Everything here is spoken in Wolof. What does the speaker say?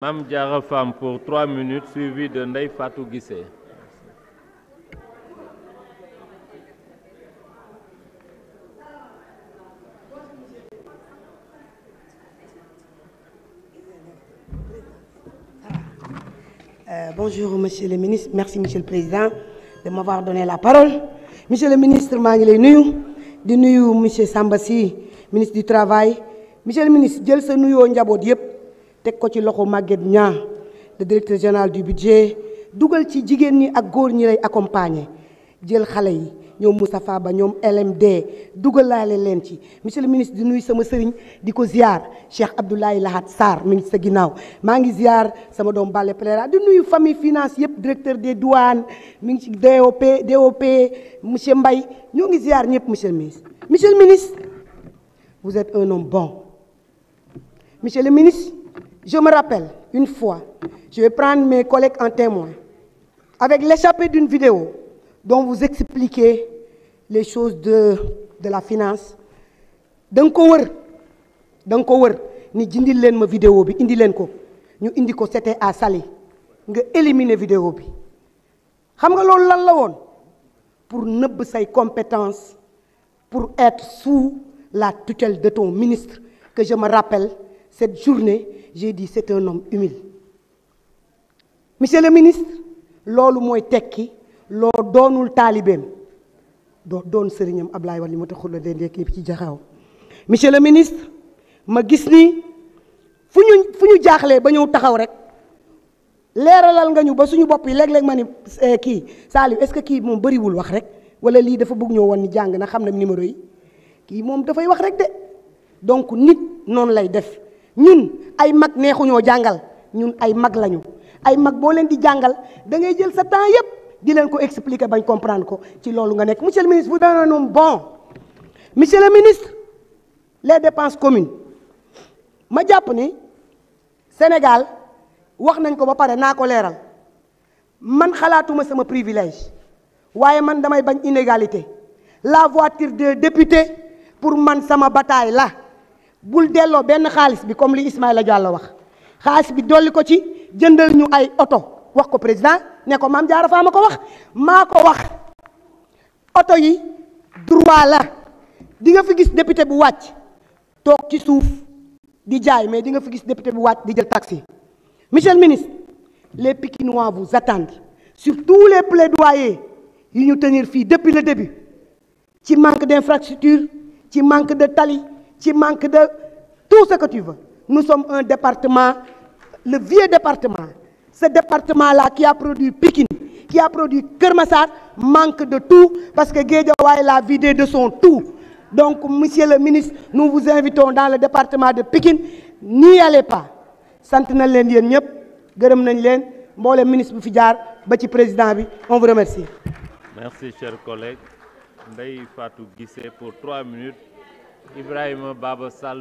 Mam Diarra Fam pour 3 minutes suivi de Ndeye Fatou Guissé. Euh, monsieur le ministre président de m'avoir la parole monsieur le ministre maa ngi lay nuyu di nuyu monsieur Samba si ministre du travail monsieur le ministre jël sa nuyoo njaboot yëpp teg ko ci loxo màgget ñaa le directeur général du budget dugal ci jigéen ñi ak góor ñi lay accompagner jël xale yi ñoom Moustapha Ba ñoom LMD dugal laale leen ci monsieur le ministre di nuy sama sëriñ di ko ziar Cheikh Abdoulaye Lahat saar mi ngi sa ginnaaw maa ngi ziar sama doom Bale Pereira di nuyu famille finance yëpp directeur des douanes mi ngi ci DOP op monsieur mbay ñoo ngi ziar ñëpp monsieur le ministre. monsieur le ministre vous ministre. Je me rappelle, une fois, je vais prendre mes collègues en témoin, avec l'échappée d'une vidéo donc vous expliquez les choses de, de la finance. danga ko wër danga ko wër ni jindil leen ma vidéo bi indi leen ko ñu indi ko c'était à sali nga éliminer vidéo bi xam nga loolu lan la woon pour nëbb say compétence pour être sous la tutelle de ton ministre que je me rappelle cette journée j'ai dit c'est un homme humble monsieur le ministre loolu mooy tekki loo doonul taalibeem doo doon sëriñam Ablaye li moo taxul la dendee kii ci jaxaw monsieur le ministre ma gis ni fu ñu fu ñu jaaxlee ba ñëw taxaw rek leeralal nga ñu ba suñu bopp yi léeg-léeg ma ni eh, kii Saliou est-ce que kii moom bariwul wax rek wala lii dafa bugg ñëw woon ni jàng na xam na numéro yi kii moom dafay wax rek de donc nit noonu lay def ñun ay mag neexuñoo jàngal ñun ay mag lañu ay mag boo leen di jàngal da ngay jël sa temps yëpp di leen ko expliquer bañ comprendre ko ci loolu nga nekk monsieur le ministre vous donnez un bon monsieur le ministre les dépenses communes ma jàpp ni Sénégal wax nañ ko ba pare naa ko leeral man xalaatuma sama privilège waaye man damay bañ inégalité la voiture des députés pour man sama bataille la bul delloo benn xaalis bi comme li la Diallo wax xaalis bi dolli ko ci jëndal ñu ay oto wax ko président ne ko maam jaara faa ma ko wax maa ko wax oto yi droit la di nga fi gis député bu wàcc toog ci suuf di jaay mais di nga fi gis député bu wàcc di jël taxi monsieur le ministre les Pikinois bu attendent sur tous les plaidoyers yi ñu tenir fii depuis le début ci manque d'infrastructure ci manque de tali ci manque de tout ce que tu veux nous sommes un département le vieux département ce département là qui a produit Pikine qui a produit Keur Massar manque de tout parce que Guédiawaye l'a vidé de son tout donc monsieur le ministre nous vous invitons dans le département de Pikine n'y allez pas sant nañ leen yéen ñëpp gërëm nañ leen mboolem ministre bu fi jaar ba ci président bi on vous remercie merci chers collègues pour trois minutes Ibrahima Baba Sall